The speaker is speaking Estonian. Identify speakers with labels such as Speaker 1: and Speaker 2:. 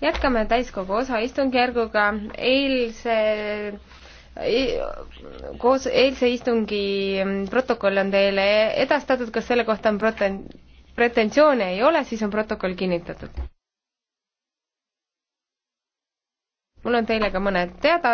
Speaker 1: jätkame täiskogu osaistungjärguga. eilse e, koos eilse istungi protokoll on teile edastatud, kas selle kohta on proten-, pretensioone ei ole, siis on protokoll kinnitatud. mul on teile ka mõned teada-.